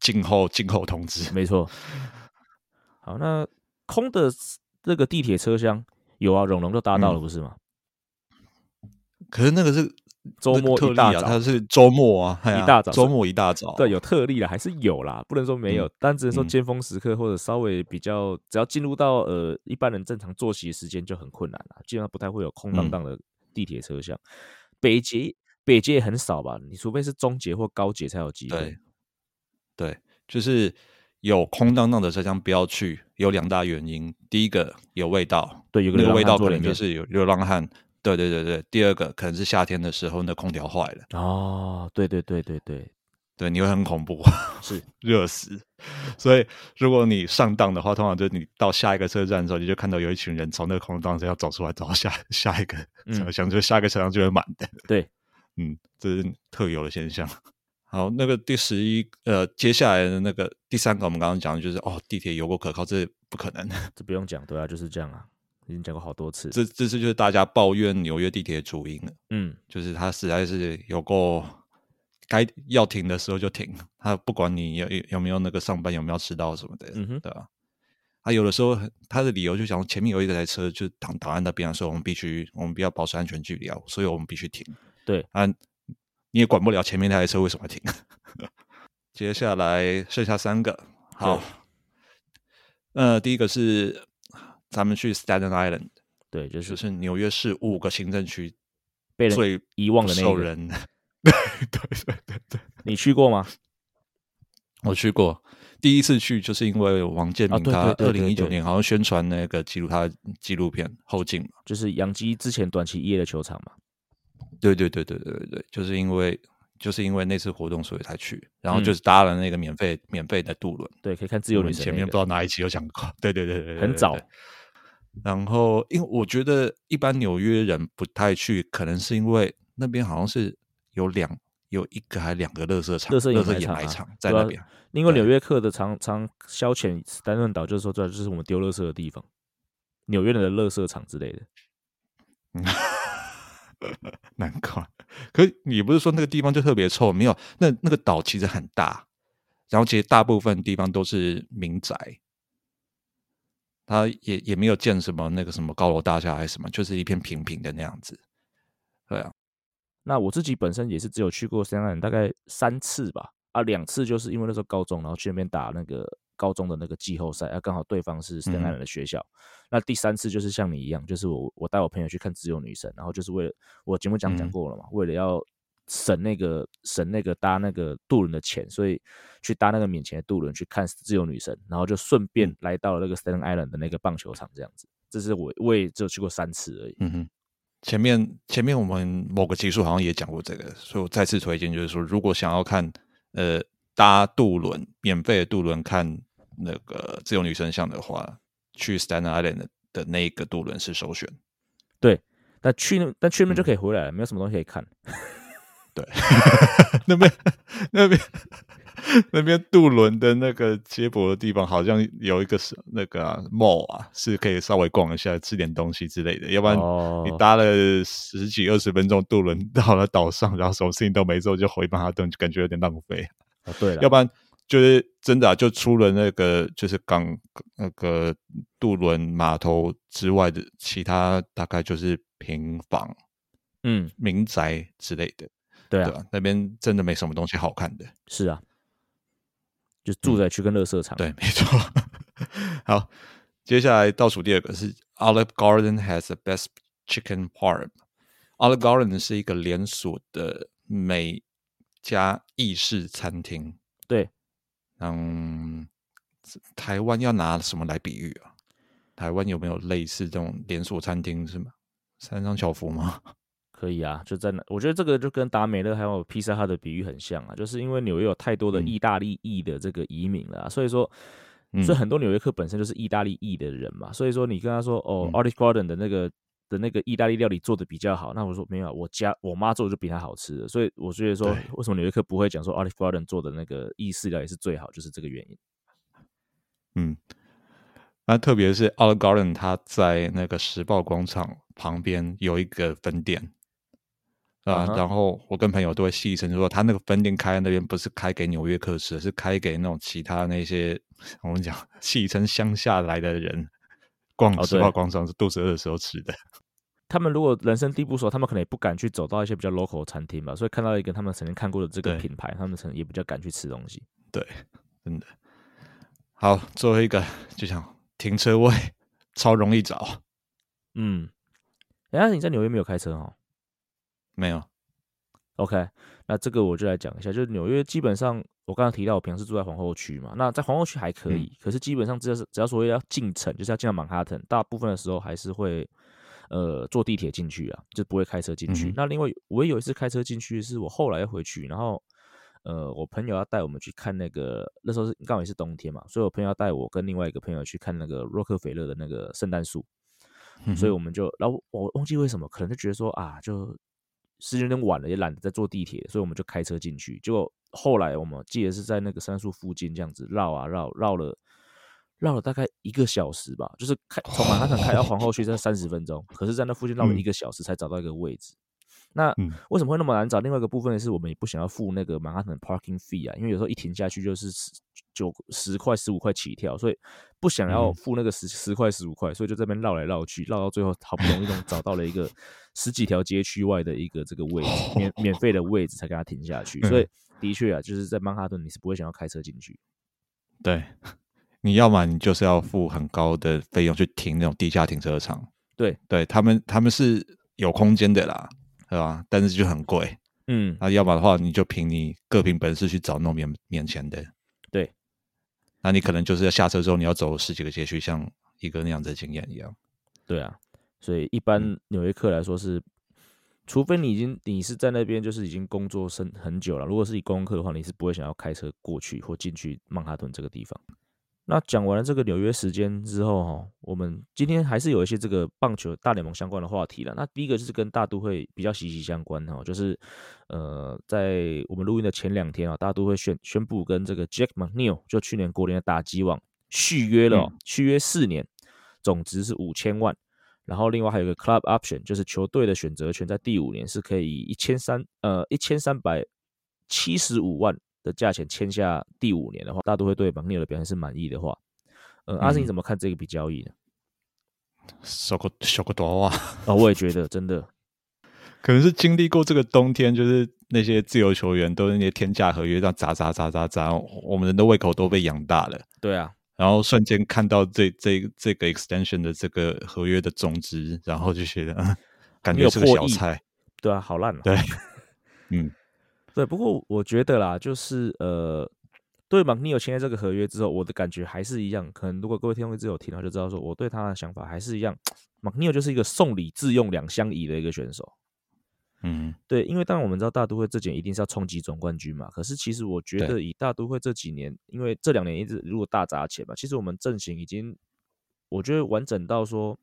靜候靜候通知，沒錯。好，那空的這個地鐵車廂有啊，蓉蓉都搭到了、嗯，不是嗎？可是那個是周末、那個、特例啊，它是周末啊，啊，一大早，周末一大早，對，有特例的還是有啦，不能說沒有，嗯、但只能說尖峰時刻或者稍微比較，嗯、只要進入到呃一般人正常作息時間就很困難了，基本上不太會有空蕩蕩的、嗯。地鐵車廂，北捷北捷也很少吧？你除非是中捷或高捷才有機會對。對，就是有空荡荡的車廂不要去，有兩大原因。第一個有味道，對，有個、那個、味道可能就是有流浪漢。對，對，對,對，對。第二個可能是夏天的時候那空調壞了。哦，對,對，對,對,對,對，對，對，對。對，你會很恐怖，是熱死。所以如果你上當的話，通常就你到下一個車站的時候，你就看到有一群人從那個空檔當中要走出來，走到下下一個，想、嗯、就下一個車廂就會滿的。對，嗯，這是特有的現象。好，那個第十一呃、，接下來的那個第三個，我們剛剛講的就是哦，地鐵有夠可靠，這不可能，這不用講，對啊，就是這樣啊，已經講過好多次。這這次就是大家抱怨紐約地鐵的主因了，嗯，就是它實在是有夠。該要停的時候就停，他不管你有有，有沒有那個上班有沒有遲到什麼的，嗯、哼對吧、啊？他有的時候他的理由就想前面有一台車就擋擋在那邊，說我們必須我們，必須我們要保持安全距離啊，所以我們必須停。對啊，你也管不了前面那台車為什麼停。 <laughs> 接下來剩下三個，好，呃，第一個是咱們去 Staten Island，對、就是，就是紐約市五個行政區最被人遺忘的那一個。 <laughs> 對對對對對，你去過嗎？我去過，第一次去就是因為王建民他二零一九年好像宣傳那個記錄他的紀錄片《後勁》嘛，就是楊基之前短期一夜的球場嘛。對對對對對對對，就是因為就是因為那次活動，所以才去，然後就是搭了那個免費免費的渡輪。嗯，對，可以看自由女神、那個。前面不知道哪一集有講過，對對對對、對、對對對對，很早。然後，因為我覺得一般紐約人不太去，可能是因為那邊好像是。有兩有一個還兩個垃圾場，垃圾掩埋場、啊、在那邊。因為紐約客的常、嗯、常消遣，丹頓島就是說，這就是我們丟垃圾的地方，紐約人的垃圾場之類的。 <laughs> 難怪。可你不是說那個地方就特別臭？沒有，那那個島其實很大，然後其實大部分地方都是民宅，它也也沒有建什麼那個什麼高樓大廈還是什麼，就是一片平平的那樣子。對呀、啊。那我自己本身也是只有去過 Staten Island 大概三次吧，啊，兩次就是因為那時候高中，然後去那邊打那個高中的那個季後賽，啊，剛好對方是 Staten Island 的學校、嗯。那第三次就是像你一樣，就是我我帶我朋友去看《自由女神》，然後就是為了我節目講講過了嘛、嗯，為了要省那個省那個搭那個渡輪的錢，所以去搭那個免錢的渡輪去看《自由女神》，然後就順便來到了那個 Staten Island 的那個棒球場這樣子。這是我我也只有去過三次而已。嗯哼。前面前面我們某個技術好像也講過這個，所以我再次推薦，就是說如果想要看呃搭渡輪、免費的渡輪看那個自由女神像的話，去 Staten Island 的那一個渡輪是首選。對，那去那但去那邊就可以回來了，嗯、沒有什麼東西可以看。對， <laughs> <laughs> <laughs> 那邊那邊。 <laughs> <laughs> <laughs> 那邊渡輪的那個接駁的地方，好像有一個是那個啊 mall 啊，是可以稍微逛一下、吃點東西之類的。要不然你搭了十幾二十分鐘渡輪到了島上，然後什麼事情都沒做就回曼哈頓，感覺有點浪費啊。對，要不然就是真的、啊、就除了那個就是港那個渡輪碼頭之外的其他，大概就是平房、嗯民宅之類的。對啊，對那邊真的沒什麼東西好看的。是啊。就住宅區跟垃圾場、嗯。對，沒錯。 <laughs> 好，接下來倒數第二個是 Olive Garden has the best chicken parm。Olive Garden 是一個連鎖的美加意式餐廳。對，嗯，台灣要拿什麼來比喻啊？台灣有沒有類似這種連鎖餐廳？是嗎？三商巧福嗎？可以啊，就在那，我覺得這個就跟達美樂還有披薩它的比喻很像啊，就是因為紐約有太多的意大利裔的這個移民了、啊嗯，所以說、嗯，所以很多紐約客本身就是意大利裔的人嘛，所以說你跟他說哦，奧利 d e n 的那個的那個意大利料理做的比較好，那我說沒有，我家我媽做的就比他好吃。所以我覺得說，為什麼紐約客不會講說奧利 d e n 做的那個意式料理是最好，就是這個原因。嗯，那特別是奧利 d e n 他在那個時報廣場旁邊有一個分店。啊、uh -huh.，然後我跟朋友都會戲稱，就說他那個分店開那邊不是開給紐約客吃的，是開給那種其他那些我們講戲稱鄉下來的人逛時報廣場是肚子餓的時候吃的。他們如果人生地不熟，他們可能也不敢去走到一些比較 local 的餐廳吧，所以看到一個他們曾經看過的這個品牌，他們曾經也比較敢去吃東西。對，真的。好，最後一個就像停車位超容易找。嗯，哎、啊、你在紐約沒有開車哦？沒有，OK，那這個我就來講一下，就是紐約基本上，我剛剛提到我平時住在皇後區嘛，那在皇後區還可以、嗯，可是基本上只要是只要說要進城，就是要進到曼哈頓，大部分的時候還是會呃坐地鐵進去啊，就不會開車進去、嗯。那另外我有一次開車進去，是我後來回去，然後呃我朋友要帶我們去看那個那時候是剛好也是冬天嘛，所以我朋友要帶我跟另外一個朋友去看那個洛克菲勒的那個聖誕樹，所以我們就然後我，我忘記為什麼，可能就覺得說啊就。時間有點晚了，也懶得再坐地鐵，所以我們就開車進去。結果後來我們記得是在那個山樹附近這樣子繞啊繞，繞了繞了大概一個小時吧。就是開從曼哈頓開到皇後區才三十分鐘， <laughs> 可是在那附近繞了一個小時才找到一個位置。嗯那為什麼會那麼難找？嗯、另外一個部分是，我們也不想要付那個曼哈頓 parking fee 啊，因為有時候一停下去就是十九十塊、十五塊起跳，所以不想要付那個十、嗯、十塊、十五塊，所以就這邊繞來繞去，繞到最後，好不容易 <laughs> 找到了一個十幾條街區外的一個這個位置，免免費的位置，才給它停下去。哦哦哦，所以的確啊，就是在曼哈頓你是不會想要開車進去。對，你要麼你就是要付很高的費用去停那種地下停車場。對對，他們他們是有空間的啦。對吧？但是就很貴，嗯。那、啊、要不然的話，你就憑你各憑本事去找那種免免錢的。對，那、啊、你可能就是要下車之後，你要走十幾個街區，像一個那樣的經驗一樣。對啊，所以一般紐約客來說是、嗯，除非你已經你是在那邊就是已經工作甚很久了。如果是你工課的話，你是不會想要開車過去或進去曼哈頓這個地方。那講完了這個紐約時間之後、哦，哈，我們今天還是有一些這個棒球大聯盟相關的話題了。那第一個就是跟大都會比較息息相關、哦，哈，就是呃，在我們錄音的前兩天啊、哦，大都會宣宣布跟這個 Jack McNeil 就去年國聯的打擊王續約了、哦嗯，續約四年，總值是五千萬，然後另外還有個 club option，就是球隊的選擇權在第五年是可以一千三，呃，一千三百七十五萬。的價錢簽下第五年的話，大都會對 McNeil 的表現是滿意的話，嗯，嗯阿信，你怎麼看這筆交易呢？個多啊？啊、哦，我也覺得真的，可能是經歷過這個冬天，就是那些自由球員都是那些天價合約，讓砸砸砸砸砸，我們人的胃口都被養大了。對啊，然後瞬間看到這這這個 extension 的這個合約的總值，然後就覺得、嗯、感覺是個小菜。對啊，好爛啊！對，嗯。對，不過我覺得啦，就是呃，對 McNeil 簽了這個合約之後，我的感覺還是一樣。可能如果各位聽眾一直有聽到就知道說我對他的想法還是一樣。McNeil 就是一個送禮自用兩相宜的一個選手。嗯，對，因為當然我們知道大都會這幾年一定是要衝擊總冠軍嘛。可是其實我覺得以大都會這幾年，因為這兩年一直如果大砸錢嘛，其實我們陣型已經我覺得完整到說。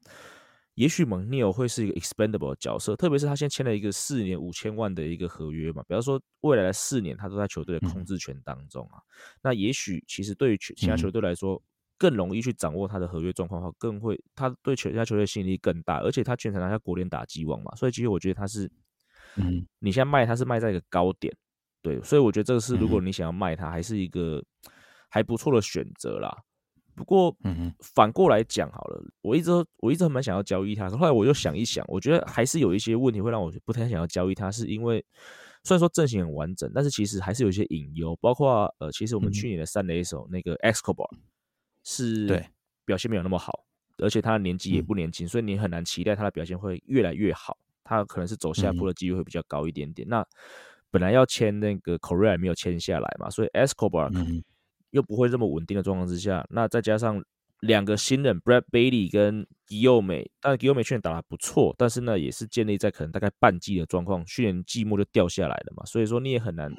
也許蒙尼爾會是一個 expendable 的角色，特別是他先簽了一個四年五千萬的一個合約嘛，比方說未來的四年他都在球隊的控制權當中啊，嗯、那也許其實對於其他球隊來說更容易去掌握他的合約狀況的話，更會他對其他球隊的吸引力更大，而且他全程拿下國聯打擊王嘛，所以其實我覺得他是，嗯，你現在賣他是賣在一個高點，對，所以我覺得這個是如果你想要賣他，還是一個還不錯的選擇啦。不過、嗯哼，反過來講好了，我一直都我一直很蠻想要交易他，可後來我又想一想，我覺得還是有一些問題會讓我不太想要交易他，是因為雖然說陣型很完整，但是其實還是有一些隱憂，包括呃，其實我們去年的三壘手那個 Escobar 是對，表現沒有那麼好，而且他的年紀也不年輕，嗯，所以你很難期待他的表現會越來越好，他可能是走下坡的幾率會比較高一點點。嗯、那本來要簽那個 Correa 沒有簽下來嘛，所以 Escobar。嗯又不會這麼穩定的狀況之下，那再加上兩個新人 Brett Baty 跟 Guillorme，但 Guillorme 確實打得不錯，但是呢也是建立在可能大概半季的狀況，去年季末就掉下來了嘛，所以說你也很難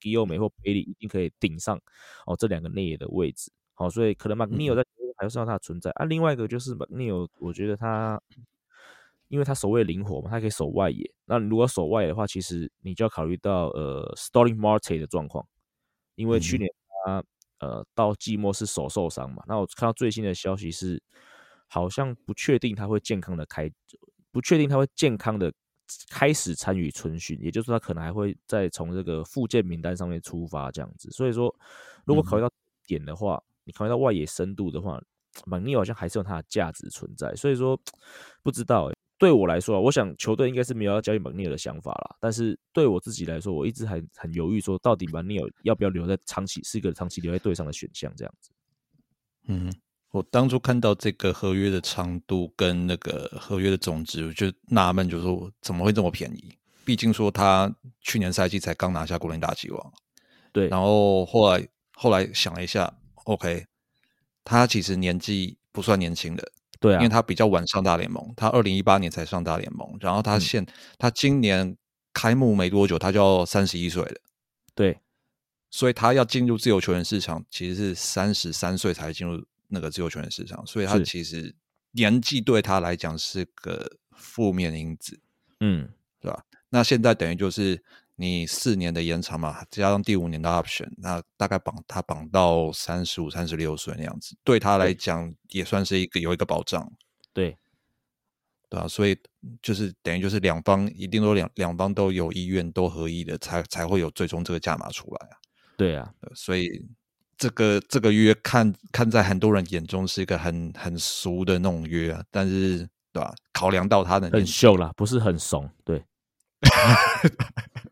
Guillorme 或 Baty 一定可以頂上哦這兩個內野的位置，好，哦，所以可能 McNeil 在球隊還是要他的存在、嗯、啊。另外一個就是 McNeil 我覺得他因為他守位靈活嘛，他可以守外野，那如果守外野的話，其實你就要考慮到呃 Starling Marte 的狀況，因為去年他，嗯呃，到季末是手受傷嘛？那我看到最新的消息是，好像不確定他會健康的開，不確定他會健康的開始參與春訓，也就是說他可能還會再從這個復健名單上面出發這樣子。所以說，如果考慮到點的話，嗯、你考慮到外野深度的話，蒙尼好像還是有他的價值存在。所以說，不知道、欸。對我來說啊，我想球隊應該是沒有要交易 McNeil 的想法了。但是對我自己來說，我一直很很猶豫，說到底 McNeil 要不要留在長期是一個長期留在隊上的選項，這樣子。嗯，我當初看到這個合約的長度跟那個合約的總值，我就納悶，就說怎麼會這麼便宜？畢竟說他去年賽季才剛拿下國聯打擊王，對。然後後來後來想了一下，OK，他其實年紀不算年輕的。對、啊，因為他比較晚上大聯盟，他二零一八年才上大聯盟，然後他現、嗯、他今年開幕沒多久，他就要三十一歲了，對，所以他要進入自由球員市場，其實是三十三歲才進入那個自由球員市場，所以他其實年紀對他來講是個負面因子，嗯，是吧、嗯？那現在等於就是。你四年的延長嘛，加上第五年的 option，那大概綁他綁到三十五、三十六歲那樣子，對他來講也算是一個有一個保障，對對啊。所以就是等於就是兩方一定都兩兩方都有意願、都合意的，才才會有最終這個價碼出來啊。對啊，所以這個這個約看看在很多人眼中是一個很很俗的那種約，但是對吧、啊？考量到他的年紀，很秀啦，不是很慫，對。 <laughs> <laughs>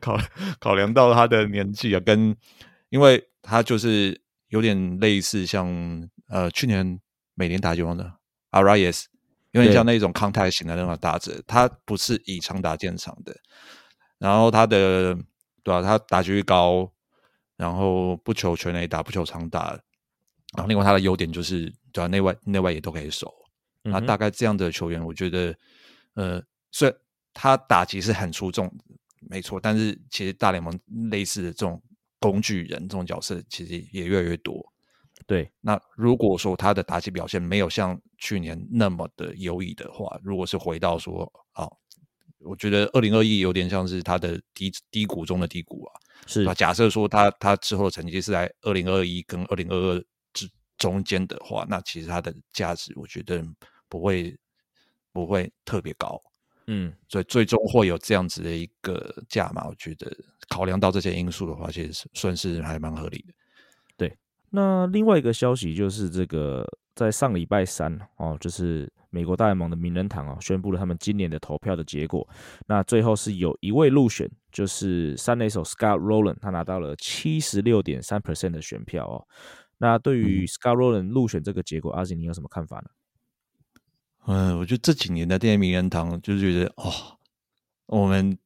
考 <laughs> 考量到他的年紀啊，跟因為他就是有點類似像，像呃去年美聯打球的 Arraez 因為像那一種康泰型的那種打者，他不是以長打見長的。然後他的對吧、啊？他打擊率高，然後不求全壘打，不求長打、嗯。然後另外他的優點就是，對吧、啊？內外內外也都可以守。那、嗯、大概這樣的球員，我覺得呃，所以。他打擊是很出眾，沒錯。但是其實大聯盟類似的這種工具人這種角色其實也越來越多。對，那如果說他的打擊表現沒有像去年那麼的優異的話，如果是回到說啊，我覺得二零二一有點像是他的低低谷中的低谷啊。是，啊，假設說他他之後的成績是在二零二一跟二零二二之中間的話，那其實他的價值我覺得不會不會特別高。嗯，所以最終會有這樣子的一個價嘛？我覺得考量到這些因素的話，其實算是還蠻合理的。對，那另外一個消息就是，這個在上禮拜三哦，就是美國大聯盟的名人堂哦，宣布了他們今年的投票的結果。那最後是有一位入選，就是三壘手 Scott Rolen，他拿到了七十六點三 percent 的選票哦。那對於 Scott Rolen 入選這個結果，阿、嗯、信、啊、你有什麼看法呢？嗯，我覺得這幾年的電影名人堂，就是覺得哦，我們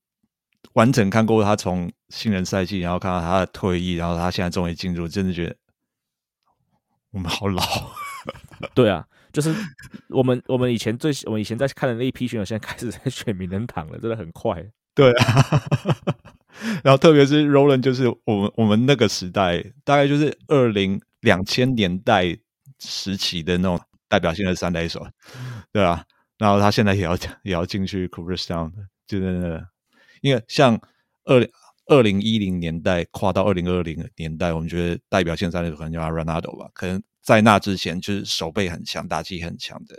完整看過他從新人賽季，然後看到他的退役，然後他現在終於進入，真的覺得我們好老。對啊，就是我們我們以前最我們以前在看的那一批選手，現在開始在選名人堂了，真的很快。對啊，然後特別是 Rolen，就是我們我們那個時代，大概就是二零兩千年代時期的那種。代表性的三壘手，對吧、啊？然後他現在也要也要進去。Cooperstown 就在那，那，那，因為像二零二零一零年代跨到二零二零年代，我們覺得代表性的三壘手可能叫 Arenado 吧，可能在那之前就是守備很強、打擊很強的。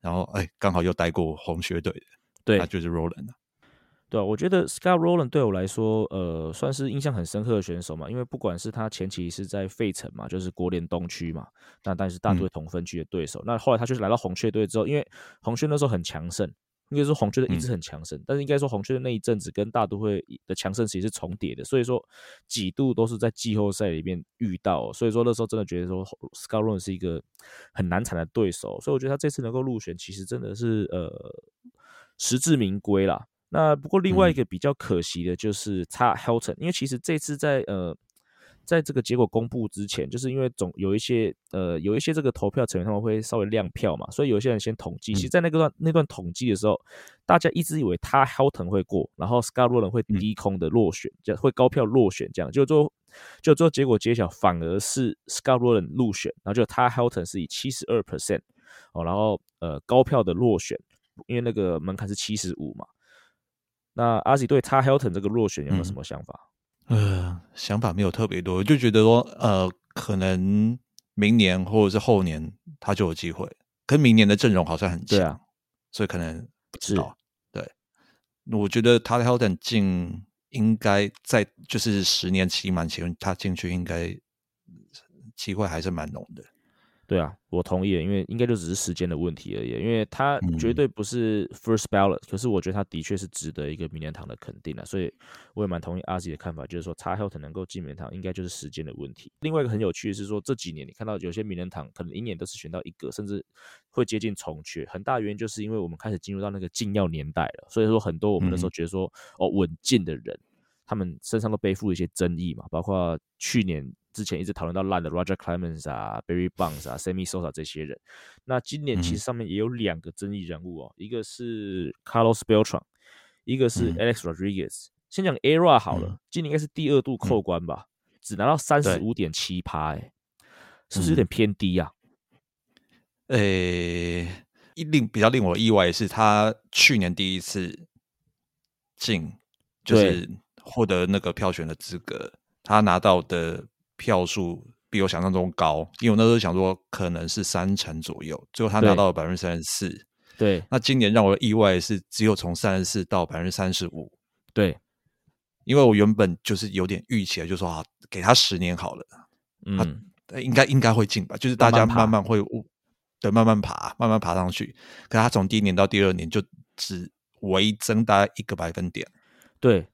然後，哎，剛好又帶過紅雀隊的，對，那就是 Rolen。對啊，我覺得 Scott Rolen 對我來說，呃，算是印象很深刻的選手嘛，因為不管是他前期是在費城嘛，就是國聯東區嘛，那但是大都會同分區的對手，嗯，那後來他就是來到紅雀隊之後，因為紅雀那時候很強盛，應該說紅雀的一直很強盛，嗯，但是應該說紅雀的那一陣子跟大都會的強盛其實是重疊的，所以說幾度都是在季後賽裡面遇到，哦，所以說那時候真的覺得說 Scott Rolen 是一個很難纏的對手，所以我覺得他這次能夠入選，其實真的是呃，實至名歸啦。那不過另外一個比較可惜的就是 Todd Helton、嗯、因為其實這次在呃在這個結果公布之前，就是因為總有一些呃有一些這個投票成員他們會稍微亮票嘛，所以有些人先統計。其實在那個段那段統計的時候，大家一直以為 Todd Helton 會過，然後 Scott Rolen 會低空的落選、嗯，就會高票落選這樣。就做就做結果揭曉，反而是 Scott Rolen 入選，然後就 Todd Helton 是以七十二 percent 哦，然後呃高票的落選，因為那個門檻是七十五嘛。那阿西對他 Helton 這個落選有沒有什麼想法？嗯、呃，想法沒有特別多，我就覺得說，呃，可能明年或者是後年他就有機會。跟明年的陣容好像很像，啊。所以可能不知道。對，我覺得他 Helton 進應該在就是十年期滿前，他進去應該機會還是蠻濃的。對啊，我同意了，因為應該就只是時間的問題而已，因為他絕對不是 first ballot，、嗯、可是我覺得他的確是值得一個名人堂的肯定的、啊，所以我也蠻同意 Ozzy 的看法，就是說查希爾能夠進名人堂，應該就是時間的問題。另外一個很有趣的是說，這幾年你看到有些名人堂可能一年都是選到一個，甚至會接近重缺，很大原因就是因為我們開始進入到那個禁藥年代了，所以說很多我們那時候覺得說、嗯、哦穩健的人，他們身上都背負一些爭議嘛，包括去年。之前一直討論到爛的 Roger Clemens 啊、Barry Bonds 啊、Sammy Sosa 這些人，那今年其實上面也有兩個爭議人物哦、嗯，一個是 Carlos Beltran，一個是 Alex Rodriguez。嗯、先講 ERA 好了，嗯、今年應該是第二度扣關吧，嗯、只拿到三十五點七趴、欸，是不是有點偏低呀、啊？誒、嗯欸，一令比較令我意外的是，他去年第一次進，就是獲得那個票選的資格，他拿到的。票數比我想象中高，因為我那時候想說可能是三成左右，最後他拿到了百分之三十四。對，那今年讓我的意外是，只有從三十四到百分之三十五。對，因為我原本就是有點預期了，就說啊，給他十年好了，嗯、他應該應該會進吧，就是大家慢慢會慢慢，對，慢慢爬，慢慢爬上去。可他從第一年到第二年就只微增大一個百分點。對。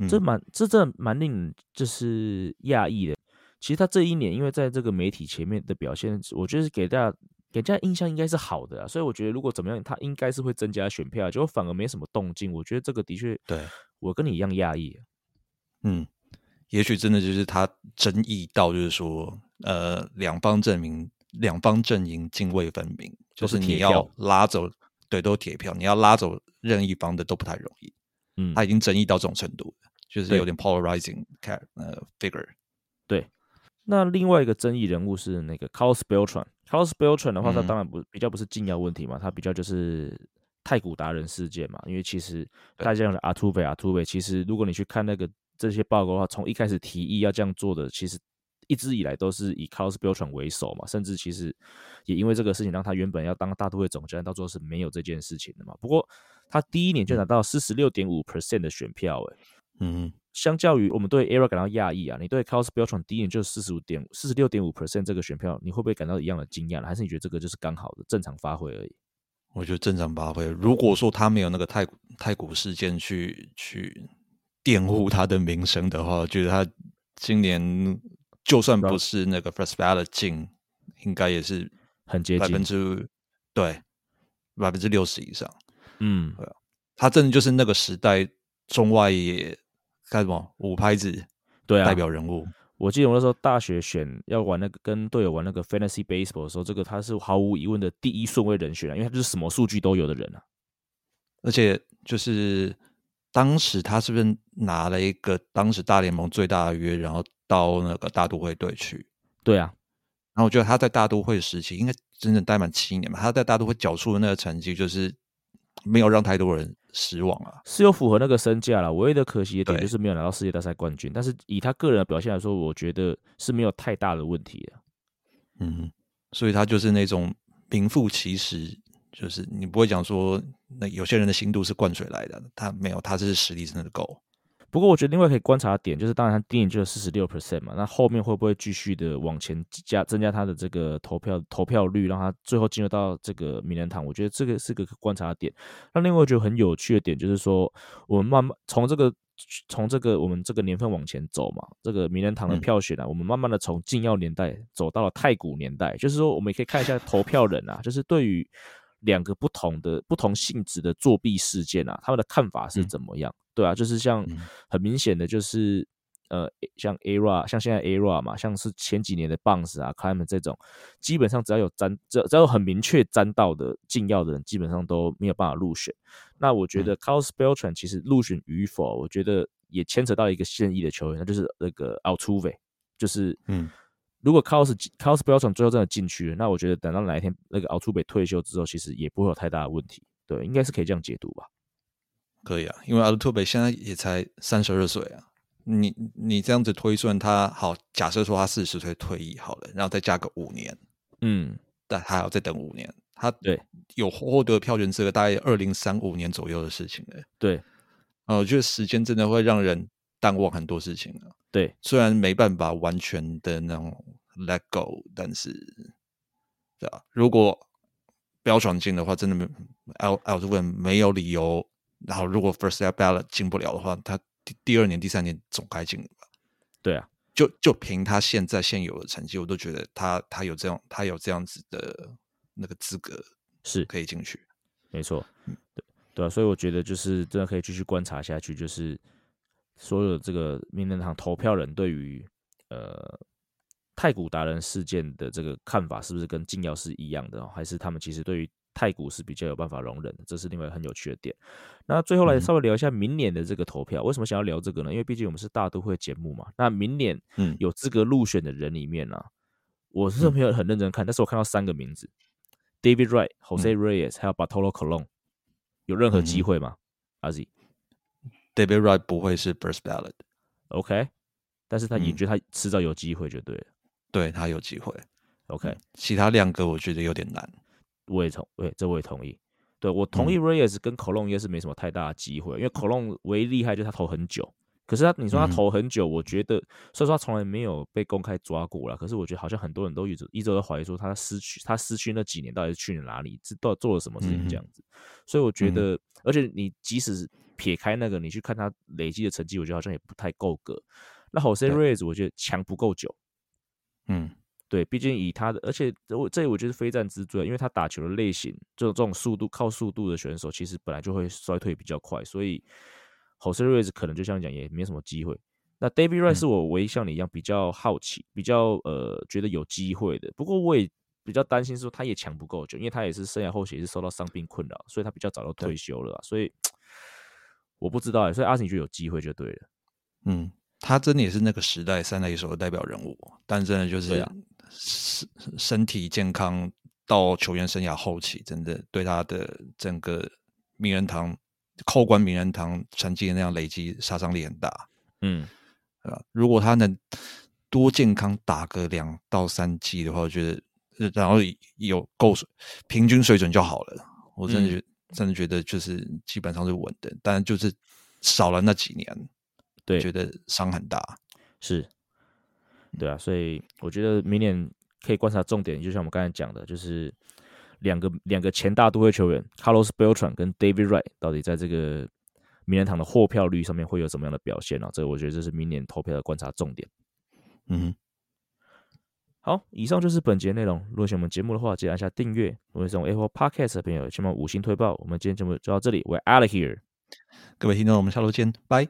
嗯，這蠻這這蠻令就是訝異的。其實他這一年因為在這個媒體前面的表現，我覺得是給大家給大家印象應該是好的啊。所以我覺得如果怎麼樣，他應該是會增加選票，結果反而沒什麼動靜。我覺得這個的確，對，我跟你一樣訝異啊。嗯，也許真的就是他爭議到就是說，呃，兩方陣營兩方陣營涇渭分明，就是你要拉走都是對都是鐵票，你要拉走任意方的都不太容易。嗯，他已經爭議到這種程度。就是有點 polarizing cat，figure 對，那另外一個爭議人物是那個 Carlos Beltran。Carlos Beltran 的話，他、嗯、當然不比較不是禁藥問題嘛，他比較就是太古達人事件嘛。因為其實大家講的阿土伯阿土伯，其實如果你去看那個這些報告的話，從一開始提議要這樣做的，其實一直以來都是以 Carlos Beltran 為首嘛。甚至其實也因為這個事情，讓他原本要當大都會總監，到最後是沒有這件事情的嘛。不過他第一年就拿到四十六點五 percent 的選票，誒。嗯，相較於我們對 Ara 感到訝異啊，你對 Carlos 標準低一點，就是四十五點四十六點五 percent 這個選票，你會不會感到一樣的驚訝？還是你覺得這個就是剛好的正常發揮而已？我覺得正常發揮。如果說他沒有那個太太古事件去去玷污他的名聲的話，我覺得他今年就算不是那個 first ballot 進，應該也是很接近百分之對百分之六十以上。嗯，對他真的就是那個時代中外野。幹什麼？五拍子，對啊，代表人物。我記得我那時候大學選要玩那個跟隊友玩那個 fantasy baseball 的時候，這個他是毫無疑問的第一順位人選了，啊，因為他就是什麼數據都有的人啊。而且就是當時他是不是拿了一個當時大聯盟最大的約，然後到那個大都會隊去？對啊。然後我覺得他在大都會時期應該整整待滿七年吧。他在大都會繳出的那個成績，就是沒有讓太多人。失望啊，是有符合那個身價了。唯一的可惜一點就是沒有拿到世界大賽冠軍，但是以他個人的表現來說，我覺得是沒有太大的問題的。嗯，所以他就是那種名副其實，就是你不會講說那有些人的心度是灌水來的，他沒有，他是實力真的夠。不過，我覺得另外可以觀察的點就是，當然，電影就是四十六 percent 嘛，那後面會不會繼續的往前加增加他的這個投票投票率，讓他最後進入到這個名人堂？我覺得這個是個觀察的點。那另外，我覺得很有趣的點就是說，我們慢慢從這個從這個我們這個年份往前走嘛，這個名人堂的票選啊、嗯，我們慢慢的從禁藥年代走到了太古年代，就是說，我們也可以看一下投票人啊，就是對於兩個不同的不同性質的作弊事件啊，他們的看法是怎麼樣。嗯對啊，就是像很明顯的，就是、嗯、呃，像 ERA，像現在 ERA 嘛，像是前幾年的 Bonds 啊、Clemens 這種，基本上只要有沾，只要只要有很明確沾到的禁藥的人，基本上都沒有辦法入選。那我覺得 Carlos Beltran 其實入選與否、嗯，我覺得也牽扯到一個現役的球員，那就是那個 Altuve，就是 Carlos, 嗯，如果 Carlos Carlos Beltran 最後真的進去了，那我覺得等到哪一天那個 Altuve 退休之後，其實也不會有太大的問題。對，應該是可以這樣解讀吧。可以啊，因為 Altuve 現在也才三十二歲啊。你你這樣子推算他，他好假設說他四十歲退役好了，然後再加個五年，嗯，但他還要再等五年。他對有獲得票選資格，大概二零三五年左右的事情嘞、欸。對，啊、呃，我覺得時間真的會讓人淡忘很多事情啊。對，雖然沒辦法完全的那種 let go，但是對吧、啊？如果標準進的話，真的沒 l 爾 Altuve 沒有理由。然後，如果 first ballot 進不了的話，他第第二年、第三年總該進了吧？對啊，就就憑他現在現有的成績，我都覺得他他有這樣他有這樣子的那個資格，是可以進去。沒錯，嗯、對對啊，所以我覺得就是真的可以繼續觀察下去，就是所有這個名人堂投票人對於呃太古達人事件的這個看法，是不是跟金曜是一樣的、哦？還是他們其實對於？太古是比較有辦法容忍的，這是另外一個很有趣的點。那最後來稍微聊一下明年的這個投票，嗯、為什麼想要聊這個呢？因為畢竟我們是大都會節目嘛。那明年，嗯，有資格入選的人裡面呢、啊嗯，我是沒有很認真看、嗯，但是我看到三個名字、嗯、：David Wright、Jose Reyes，、嗯、還有 Bartolo Colon。有任何機會嗎？阿、嗯、Z？David Wright 不會是 First Ballot，OK？、Okay? 但是他我覺得他遲早有機會，就對了。嗯、對他有機會，OK？、嗯、其他兩個我覺得有點難。我也同，對，這我也同意。對，我同意 Reyes 跟 Colon 應該是沒什麼太大的機會，嗯、因為 Colon 唯一厲害就是他投很久。可是他，你說他投很久，嗯、我覺得，雖然說他從來沒有被公開抓過了，可是我覺得好像很多人都一直一直都懷疑說他失去他失去那幾年到底是去了哪裡，知道做了什麼事情這樣子。嗯、所以我覺得、嗯，而且你即使撇開那個，你去看他累積的成績，我覺得好像也不太夠格。那好像 Reyes 我覺得強不夠久。對，畢竟以他的，而且我這我就是非戰之罪，因為他打球的類型，就這種速度靠速度的選手，其實本來就會衰退比較快，所以 Jose Reyes 可能就像你講，也沒什麼機會。那 David Wright 是我唯一像你一樣比較好奇，嗯、比較呃覺得有機會的，不過我也比較擔心說他也強不夠久，因為他也是生涯後期也是受到傷病困擾，所以他比較早就退休了，嗯，所以我不知道，欸、所以阿信就有機會就對了，嗯。他真的也是那個時代三壘手的代表人物，但是真的就是身、啊、身體健康到球員生涯後期，真的對他的整個名人堂、扣關名人堂成績的那樣累積殺傷力很大。嗯，啊，如果他能多健康打個兩到三季的話，我覺得然後有夠平均水準就好了。我真的覺得，真的覺得就是基本上是穩的、嗯，但就是少了那幾年。對，覺得傷很大，是對啊，所以我覺得明年可以觀察重點，就像我們剛才講的，就是兩個兩個前大都會球員，Carlos Beltran 跟 David Wright，到底在這個名人堂的獲票率上面會有怎麼樣的表現呢、啊？這個我覺得這是明年投票的觀察重點。嗯哼，好，以上就是本節內容。如果喜歡我們節目的話，記得按下訂閱。如果是這種 Apple Podcast 的朋友，希望五星推爆。我們今天節目就到這裡，We're out of here。各位聽眾，我們下周見，拜。